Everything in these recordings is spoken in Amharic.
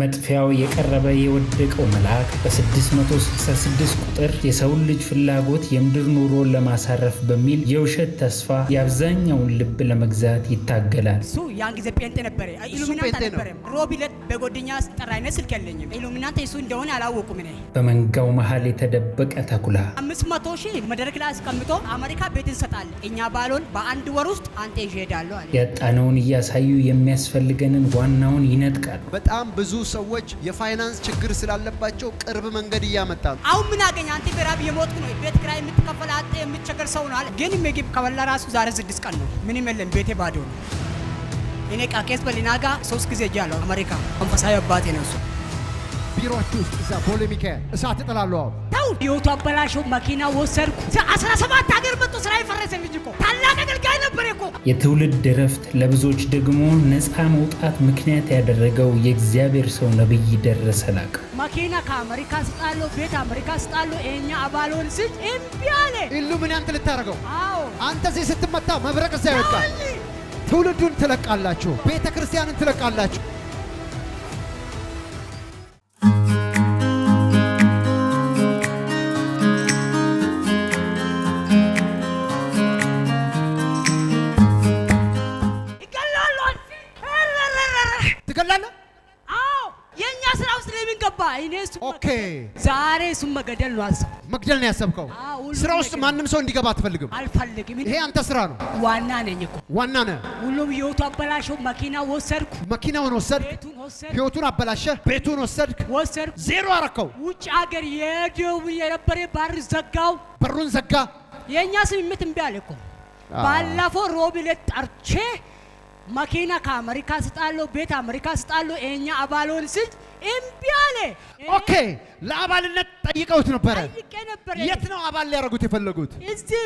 መጥፊያው የቀረበ የወደቀው መልአክ በ666 ቁጥር የሰውን ልጅ ፍላጎት የምድር ኑሮን ለማሳረፍ በሚል የውሸት ተስፋ የአብዛኛውን ልብ ለመግዛት ይታገላል። እሱ ያን ጊዜ ጴንጤ ነበረ፣ ኢሉሚናት አልነበረም። ስጠራ አይነት ስልክ የለኝም። ኢሉሚናት እሱ እንደሆነ አላወቁም። እኔ በመንጋው መሀል የተደበቀ ተኩላ አምስት መቶ ሺህ መድረክ ላይ አስቀምጦ አሜሪካ ቤት እንሰጣለን እኛ ባሎን በአንድ ወር ውስጥ አንተ ይሄዳለሁ አለ። ያጣነውን እያሳዩ የሚያስፈልገንን ዋናውን ይነጥቃል። በጣም ብዙ ሰዎች የፋይናንስ ችግር ስላለባቸው ቅርብ መንገድ እያመጣ ነው። አሁን ምን አገኝ አንተ በራብ የሞትኩ ነው። ቤት ኪራይ የምትከፈል አጥ የምትቸገር ሰው ነው አለ። ግን ምግብ ከበላ ራሱ ዛሬ ስድስት ቀን ነው፣ ምንም የለም፣ ቤቴ ባዶ ነው። እኔ ቃቄስ በሊናጋ ሶስት ጊዜ እያለሁ አሜሪካ መንፈሳዊ አባቴ ነው እሱ። ቢሮአችሁ ውስጥ እዛ ቦሌ እሳት እጥላለሁ። አሁን ህይወቱ አበላሸው። መኪና ወሰድኩ። አስራ ሰባት ሀገር መጡ ስራ የትውልድ እረፍት ለብዙዎች ደግሞ ነፃ መውጣት ምክንያት ያደረገው የእግዚአብሔር ሰው ነቢይ ደረሰ ላቀ መኪና ከአሜሪካ ስጣለሁ፣ ቤት አሜሪካ ስጣለሁ፣ ይሄኛ አባሎን ስጭ እምቢ አለ። ምን አንተ ልታደርገው? አንተ እዚህ ስትመታ መብረቅ እዚያ ይወጣል። ትውልዱን ትለቃላችሁ፣ ቤተ ክርስቲያንን ትለቃላችሁ። ኦኬ። ዛሬ እሱም መገደል ነው አሰብ መግደል ነው ያሰብከው። ስራ ውስጥ ማንም ሰው እንዲገባ አትፈልግም። አልፈልግም። ይሄ አንተ ስራ ነው። ዋና ነኝ እኮ ዋና ሁሉም ህይወቱ አበላሸው። መኪና ወሰድኩ፣ መኪናውን ወሰድክ፣ ህይወቱን አበላሸ፣ ቤቱን ወሰድክ፣ ወሰድኩ፣ ዜሮ አረከው። ውጭ ሀገር የሄደው የነበረ በር ዘጋው፣ በሩን ዘጋ። የእኛ ስም እምቢ እኮ ባለፈው ሮብ ዕለት ጠርቼ መኪና ከአሜሪካ ስጣለሁ፣ ቤት አሜሪካ ስጣለሁ፣ ይሄኛ አባሎን ስል እምቢ አለ። ኦኬ ለአባልነት ጠይቀውት ነበረ። የት ነው አባል ሊያደርጉት የፈለጉት? እዚህ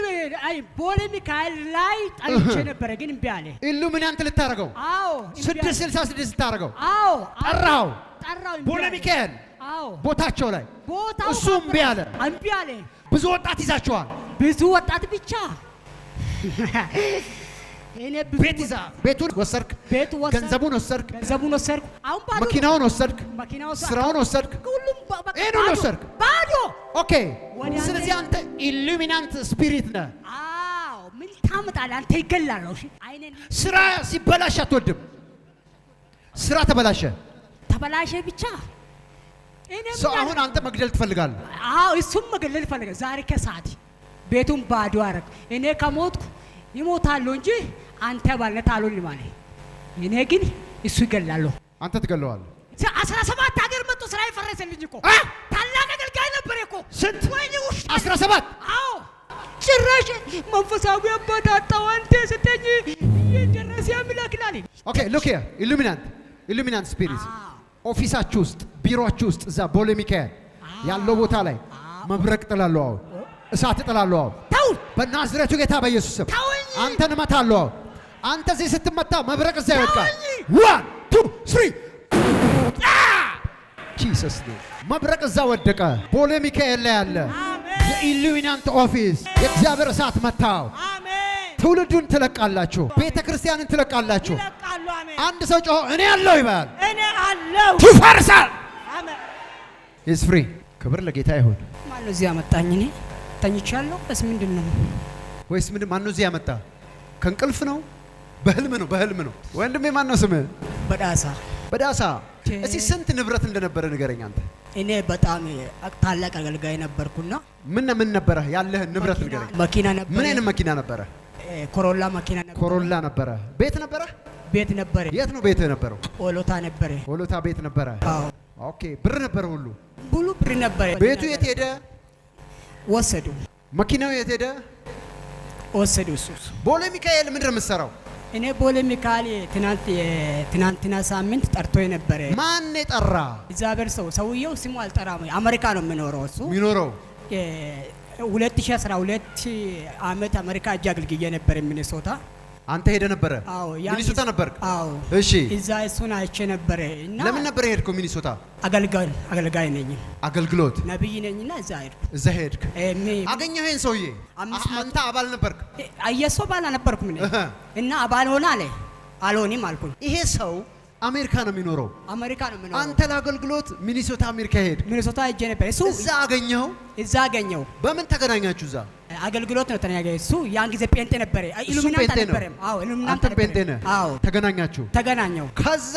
ቦሌ ሚካኤል ላይ ጠይቼ ነበረ፣ ግን እምቢ አለ። ኢሉሚናንት ልታደርገው? አዎ። ስድስት ስልሳ ስድስት ልታደርገው? አዎ። ጠራኸው? ጠራው። ቦሌ ሚካኤል? አዎ። ቦታቸው ላይ ቦታው፣ እሱ እምቢ አለ። እምቢ አለ። ብዙ ወጣት ይዛችኋል? ብዙ ወጣት ብቻ ቤት ይዛ ቤቱን ወሰድክ፣ ገንዘቡን ወሰድክ፣ መኪናውን ወሰድክ፣ ስራውን ወሰድክ፣ ኦኬ። ስለዚህ አንተ ኢሉሚናንት ስፒሪት ነህ። ምን አንተ? ስራ ሲበላሽ አትወድም። ስራ ተበላሸ ተበላሸ ብቻ ሰው አሁን አንተ መግደል ትፈልጋለህ። እሱም መግደል ይፈልጋል። ዛሬ ከሰዓት ቤቱን ባዶ አረግ። እኔ ከሞትኩ ይሞታሉ እንጂ አንተ ባልነት አሉልኝ ማለት እኔ ግን እሱ ይገላለሁ፣ አንተ ትገለዋለህ። አስራ ሰባት ሀገር መጥቶ ስራ የፈረሰልኝ እኮ ታላቅ አገልጋይ ነበር እኮ ስንት ወይ ውሽ አስራ ሰባት አዎ ጭራሽ መንፈሳዊ አባት አጣሁ አንተ ስተኝ እየደረሰ ያምላክላል። ኦኬ ሉክ ሄር ኢሉሚናንት ኢሉሚናንት ስፒሪት ኦፊሳችሁ ውስጥ ቢሮአችሁ ውስጥ እዛ ቦሌ ሚካኤል ያለው ቦታ ላይ መብረቅ ጥላለሁ፣ አሁን እሳት ጥላለሁ፣ አሁን በናዝሬቱ ጌታ በኢየሱስ ስም አንተን እመታለሁ አሁን አንተ እዚህ ስትመታ መብረቅ እዛ ይወድቃል። ዋን ቱ ስሪ ጂሰስ መብረቅ እዛ ወደቀ። ቦሌ ሚካኤል ላይ ያለ የኢሉሚናንት ኦፊስ የእግዚአብሔር እሳት መታው። ትውልዱን ትለቃላችሁ፣ ቤተ ክርስቲያንን ትለቃላችሁ። አንድ ሰው ጮሆ እኔ አለው ይባል እኔ አለው ትፈርሳል። ኢዝ ፍሪ ክብር ለጌታ ይሁን። ማነው እዚህ ያመጣኝ? እኔ ተኝቻለሁ። በስ ምንድን ነው ወይስ ምንድን ማነው እዚህ ያመጣ? ከእንቅልፍ ነው በህልም ነው በህልም ነው። ወንድሜ ማን ነው ስምህ? በዳሳ በዳሳ። እስቲ ስንት ንብረት እንደነበረ ንገረኝ አንተ። እኔ በጣም ታላቅ አገልጋይ ነበርኩና ምን ምን ነበረ ያለህ ንብረት ንገረኝ። መኪና ነበረ። ምን አይነት መኪና ነበረ? ኮሮላ መኪና ነበረ። ኮሮላ ነበረ። ቤት ነበረ። ቤት ነበረ። የት ነው ቤት ነበረው? ኦሎታ ነበረ። ኦሎታ ቤት ነበረ። ኦኬ። ብር ነበረ። ሁሉ ሁሉ ብር ነበረ። ቤቱ የት ሄደ? ወሰዱ። መኪናው የት ሄደ? ወሰዱ። እሱ ቦሌ ሚካኤል ምንድን ነው የምትሰራው? እኔ ቦሌ ሚካኤል ትናንት ትናንትና ሳምንት ጠርቶ የነበረ ማን የጠራ? እግዚአብሔር ሰው ሰውየው ስሙ አልጠራም። አሜሪካ ነው የሚኖረው እሱ የሚኖረው 2012 ዓመት አሜሪካ እጅ አገልግዬ ነበር ሚኒሶታ አንተ ሄደ ነበረ ሚኒሶታ ነበር? አዎ። እሺ፣ እዛ እሱን አይቼ ነበረ። እና ለምን ነበር ሄድከው ሚኒሶታ? አገልጋይ አገልጋይ ነኝ፣ አገልግሎት ነብይ ነኝና እዛ ሄድኩ። እዛ ሄድክ፣ አገኘህ ይሄን ሰውዬ? አንተ አባል ነበርክ? አየሶ ባላ ነበርኩም ነኝ እና አባል ሆነ አለ። አልሆንም አልኩኝ። ይሄ ሰው አሜሪካ ነው የሚኖረው፣ አሜሪካ ነው የሚኖረው። አንተ ለአገልግሎት ሚኒሶታ አሜሪካ ሄድክ? ሚኒሶታ ሄጄ ነበር። እሱ እዛ አገኘኸው? እዛ አገኘው። በምን ተገናኛችሁ እዛ? አገልግሎት ነው ተነጋገ እሱ ያን ጊዜ ጴንጤ ነበረ። ኢሉሚናት አልነበረም። አዎ ኢሉሚናት ጴንጤ ነህ? አዎ ተገናኛችሁ? ተገናኘው። ከዛ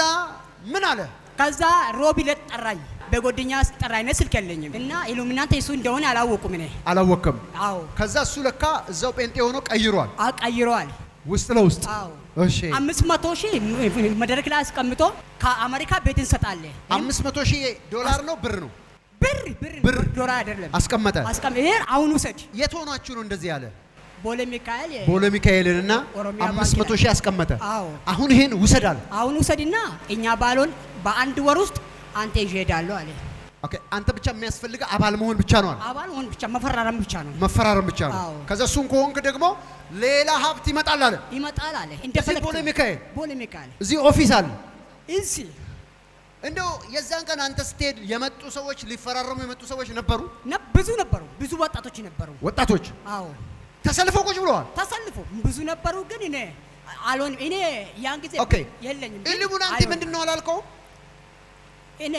ምን አለ? ከዛ ሮቢ ዕለት ጠራኝ። በጓደኛ አስጠራኝ። ስልክ የለኝም እና ኢሉሚናት እሱ እንደሆነ አላወቁም። እኔ አላወቅም። አዎ ከዛ እሱ ለካ እዛው ጴንጤ ሆኖ ቀይሯል። አዎ ቀይሯል። ውስጥ ለውስጥ እሺ፣ አምስት መቶ ሺህ መድረክ ላይ አስቀምጦ ከአሜሪካ ቤት እንሰጣለን። አምስት መቶ ሺህ ዶላር ነው ብር ነው ብር ብር ብር ዶራ አይደለም አስቀመጠ። አስቀመጠ። ይሄን አሁን ውሰድ። የት ሆናችሁ ነው እንደዚህ ያለ? ቦሌ ሚካኤል ቦሌ ሚካኤልን እና አምስት መቶ ሺህ አስቀመጠ። አሁን ይሄን ውሰድ አለ። አሁን ውሰድና እኛ ባሎን በአንድ ወር ውስጥ አንተ ይዤ እሄዳለሁ አለ። ኦኬ አንተ ብቻ የሚያስፈልገ አባል መሆን ብቻ ነው አለ። አባል መሆን ብቻ መፈራረም ብቻ ነው መፈራረም ብቻ ነው። ከዛ እሱን ከሆንክ ደግሞ ሌላ ሀብት ይመጣል አለ ይመጣል አለ። እንደፈለክ ቦሌ ሚካኤል ቦሌ ሚካኤል እዚህ ኦፊስ አለ እዚህ እንደው የዛን ቀን አንተ ስትሄድ የመጡ ሰዎች ሊፈራረሙ የመጡ ሰዎች ነበሩ? ብዙ ነበሩ። ብዙ ወጣቶች ነበሩ። ወጣቶች? አዎ። ተሰልፈው ቁጭ ብለዋል። ተሰልፈው ብዙ ነበሩ። ግን እኔ አልሆንም። እኔ ያን ጊዜ ኦኬ የለኝም። ኢሉሚናንቲ ምንድን ነው አላልከው? እኔ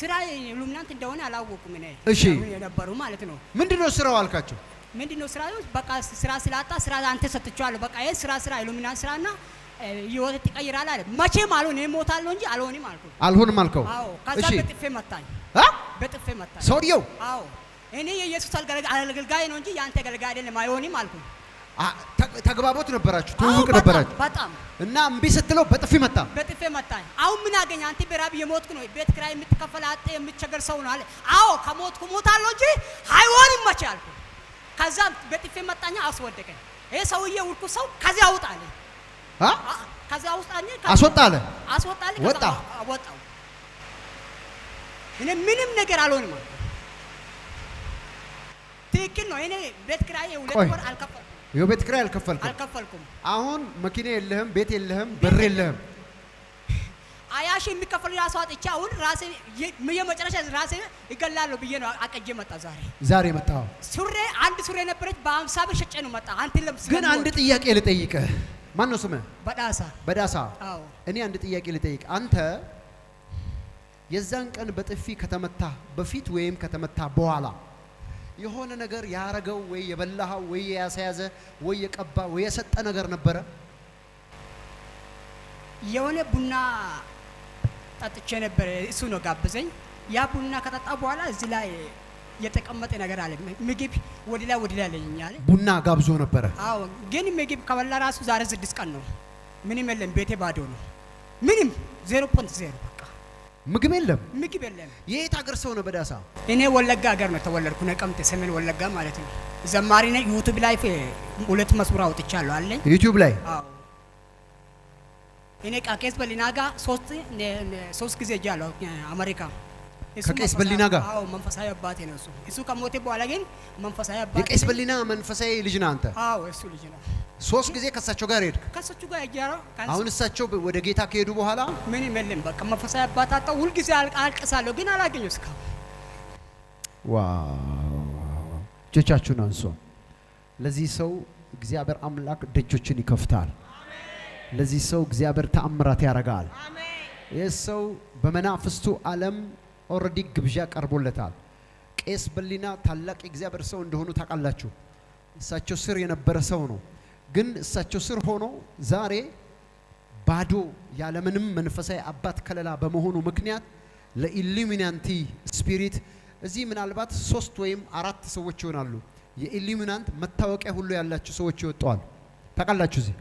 ስራ ሉምናንት እንደሆነ አላወቁም። እኔ እሺ፣ የነበሩ ማለት ነው። ምንድን ነው ስራው አልካቸው? ምንድን ነው ስራ? በቃ ስራ ስላጣ ስራ አንተ ሰጥቼዋለሁ። በቃ ይሄ ስራ ስራ ኢሉሚናንቲ ስራና ህይወት ትቀይራል አለ። መቼም አልሆን እሞታለሁ እንጂ አልሆንም አልኩት። አልሆንም አልከው? አዎ። ከዛ በጥፌ መታኝ። በጥፌ መታኝ ሰውየው። አዎ። እኔ የኢየሱስ አገልጋይ ነው እንጂ ያንተ አገልጋይ አይደለም፣ አይሆንም አልኩት። ተግባቦት ነበራችሁ፣ ትውውቅ ነበራችሁ በጣም እና እምቢ ስትለው በጥፊ መታ በጥፊ መታኝ። አሁን ምን አገኘህ አንተ? በራብ የሞትኩ ነው ቤት ኪራይ የምትከፈል አጥቼ የምቸገር ሰው ነው አለ። አዎ ከሞትኩ እሞታለሁ እንጂ አይሆንም መቼ አልኩት። ከዛ በጥፊ መታኛ፣ አስወደቀኝ። ይሄ ሰውዬ ውልኩ ሰው ከዚያ አውጣልኝ ከዚያ ውስጥ አስወጣለ አስወጣለ ወጣ ወጣው። እኔ ምንም ነገር አልሆንም። ትክክል ነው። እኔ ቤት ኪራይ ሁለት ወር አልከፈልኩም። የቤት ኪራይ አልከፈልኩም አልከፈልኩም። አሁን መኪና የለህም፣ ቤት የለህም፣ ብር የለህም። አያሽ የሚከፈል ራሱ አጥቼ አሁን ራሴ የመጨረሻ ራሴ እገላለሁ ብዬ ነው አቀጀ መጣ። ዛሬ ዛሬ መጣው ሱሬ አንድ ሱሬ ነበረች በአምሳ ብር ሸጬ ነው መጣ። አንተ ግን አንድ ጥያቄ ልጠይቅህ ማን ነው ስምህ? በዳሳ በዳሳ። አዎ እኔ አንድ ጥያቄ ልጠይቅ። አንተ የዛን ቀን በጥፊ ከተመታ በፊት ወይም ከተመታ በኋላ የሆነ ነገር ያረገው ወይ የበላኸው ወይ ያሳያዘ ወይ የቀባ ወይ የሰጠ ነገር ነበረ? የሆነ ቡና ጠጥቼ ነበረ። እሱ ነው ጋብዘኝ። ያ ቡና ከጠጣ በኋላ እዚህ ላይ የተቀመጠ ነገር አለ። ምግብ ወደ ላይ ወደ ላይ አለኛል። ቡና ጋብዞ ነበረ። አዎ፣ ግን ምግብ ከበላ ራሱ ዛሬ ስድስት ቀን ነው። ምንም የለም። ቤቴ ባዶ ነው። ምንም ዜሮ ፖንት ዜሮ በቃ ምግብ የለም፣ ምግብ የለም። የየት ሀገር ሰው ነው? በዳሳ እኔ ወለጋ ሀገር ነው ተወለድኩ፣ ነቀምቴ፣ ሰሜን ወለጋ ማለት ነው። ዘማሪ ነኝ። ዩቲዩብ ላይ ሁለት መስሙር አውጥቻለሁ አለኝ ዩቲዩብ ላይ አዎ። እኔ ቃቄስ በሊናጋ ሶስት ሶስት ጊዜ እጃለሁ አሜሪካ ከቄስ በሊና ጋር አዎ፣ መንፈሳዊ አባቴ ነው እሱ። እሱ ከሞቴ በኋላ ግን መንፈሳዊ አባቴ የቄስ በሊና መንፈሳዊ ልጅ ነህ አንተ? አዎ፣ እሱ ልጅ ነው። ሶስት ጊዜ ከእሳቸው ጋር ሄድክ? ከእሳቸው ጋር እያራ አሁን እሳቸው ወደ ጌታ ከሄዱ በኋላ ምን ይመልን በቃ መንፈሳዊ አባት አጣሁ። ሁልጊዜ አልቅሳለሁ ግን አላገኘሁ እስካሁን። ዋው! እጆቻችሁን አንሱ። ለዚህ ሰው እግዚአብሔር አምላክ ደጆችን ይከፍታል። ለዚህ ሰው እግዚአብሔር ተአምራት ያደርጋል። ይህ ሰው በመናፍስቱ ዓለም ኦልሬዲ ግብዣ ቀርቦለታል። ቄስ በሊና ታላቅ የእግዚአብሔር ሰው እንደሆኑ ታውቃላችሁ። እሳቸው ስር የነበረ ሰው ነው። ግን እሳቸው ስር ሆኖ ዛሬ ባዶ ያለምንም መንፈሳዊ አባት ከለላ በመሆኑ ምክንያት ለኢሉሚናንቲ ስፒሪት እዚህ ምናልባት ሶስት ወይም አራት ሰዎች ይሆናሉ። የኢሉሚናንት መታወቂያ ሁሉ ያላቸው ሰዎች ይወጣዋል። ታውቃላችሁ እዚህ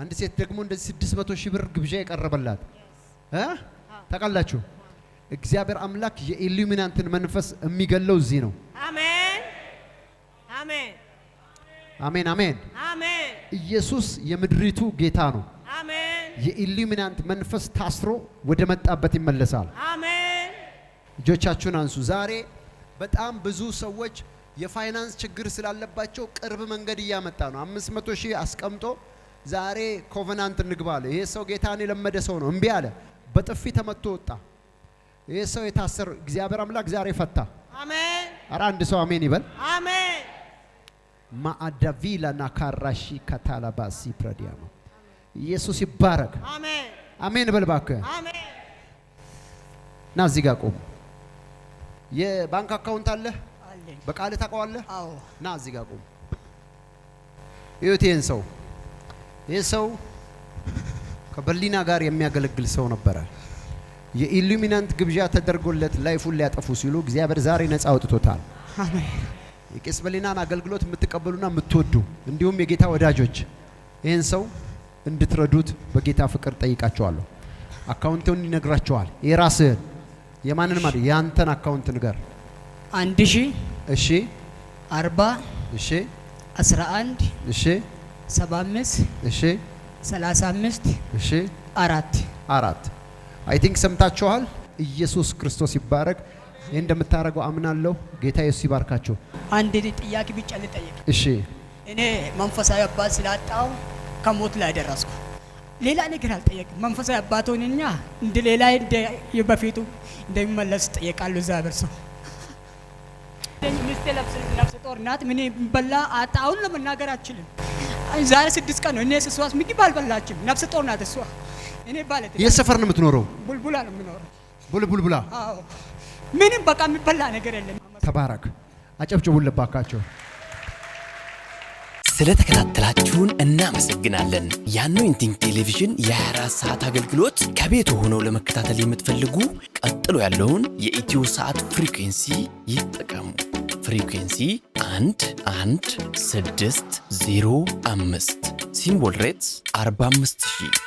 አንድ ሴት ደግሞ እንደዚህ ስድስት መቶ ሺህ ብር ግብዣ የቀረበላት ታውቃላችሁ። እግዚአብሔር አምላክ የኢሉሚናንትን መንፈስ የሚገለው እዚህ ነው። አሜን አሜን አሜን አሜን አሜን። ኢየሱስ የምድሪቱ ጌታ ነው። አሜን። የኢሉሚናንት መንፈስ ታስሮ ወደ መጣበት ይመለሳል። አሜን። እጆቻችሁን አንሱ። ዛሬ በጣም ብዙ ሰዎች የፋይናንስ ችግር ስላለባቸው ቅርብ መንገድ እያመጣ ነው። አምስት መቶ ሺህ አስቀምጦ ዛሬ ኮቨናንት እንግባ ይሄ ሰው ጌታን የለመደ ሰው ነው። እምቢ አለ። በጥፊ ተመቶ ወጣ። ይህ ሰው የታሰሩ እግዚአብሔር አምላክ ዛሬ ፈታ። አሜን። ኧረ አንድ ሰው አሜን ይበል። አሜን። ማአዳቪላ ናካራሺ ካታላባሲ ፕረዲያማ ኢየሱስ ይባረክ። አሜን አሜን በል እባክህ። አሜን። ና እዚህ ጋር ቆም። የባንክ አካውንት አለ በቃል ታውቀዋለህ። ና እዚህ ጋር ቆም። እዩት ይህን ሰው። ይህ ሰው ከበርሊና ጋር የሚያገለግል ሰው ነበረ። የኢሉሚናንት ግብዣ ተደርጎለት ላይፉን ሊያጠፉ ሲሉ እግዚአብሔር ዛሬ ነፃ አውጥቶታል። የቄስ በሊናን አገልግሎት የምትቀበሉና የምትወዱ እንዲሁም የጌታ ወዳጆች ይህን ሰው እንድትረዱት በጌታ ፍቅር ጠይቃቸዋለሁ። አካውንቱን ይነግራቸዋል። የራስህን የማንን ማለት የአንተን አካውንት ንገር። አንድ ሺ እሺ፣ አርባ እሺ፣ አስራ አንድ እሺ፣ ሰባ አምስት እሺ፣ ሰላሳ አምስት እሺ፣ አራት አራት አይ ቲንክ ሰምታችኋል። ኢየሱስ ክርስቶስ ይባረክ። ይህ እንደምታደርገው አምናለሁ። ጌታ ኢየሱስ ይባርካችሁ። አንድ ጥያቄ ብቻ ልጠይቅ? እሺ። እኔ መንፈሳዊ አባት ስላጣው ከሞት ላይ ደረስኩ። ሌላ ነገር አልጠየቅም። መንፈሳዊ አባት እኛ እንደ ሌላ በፊቱ እንደሚመለስ ጠየቃለሁ። እዛ በርሰው ሚስቴ ነፍሰ ጡር ናት። ምን በላ አጣ። አሁን ለመናገር አችልም። ዛሬ ስድስት ቀን ነው እኔ ስስዋስ ምግብ አልበላችም። ነፍሰ ጡር ናት እሷ የት ሰፈር ነው የምትኖረው? ቡልቡላ ነው የምኖረው። ምንም በቃ የሚበላ ነገር የለም። ተባረክ። አጨብጭቡለት ባካቸው። ስለ ተከታተላችሁን እናመሰግናለን። የአኖይንቲንግ ቴሌቪዥን የ24 ሰዓት አገልግሎት ከቤት ሆነው ለመከታተል የምትፈልጉ ቀጥሎ ያለውን የኢትዮ ሰዓት ፍሪኩንሲ ይጠቀሙ። ፍሪኩንሲ 1 1 6 0 5 ሲምቦል ሬትስ 45000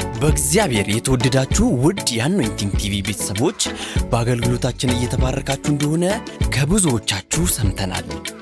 በእግዚአብሔር የተወደዳችሁ ውድ የአኖይንቲንግ ቲቪ ቤተሰቦች በአገልግሎታችን እየተባረካችሁ እንደሆነ ከብዙዎቻችሁ ሰምተናል።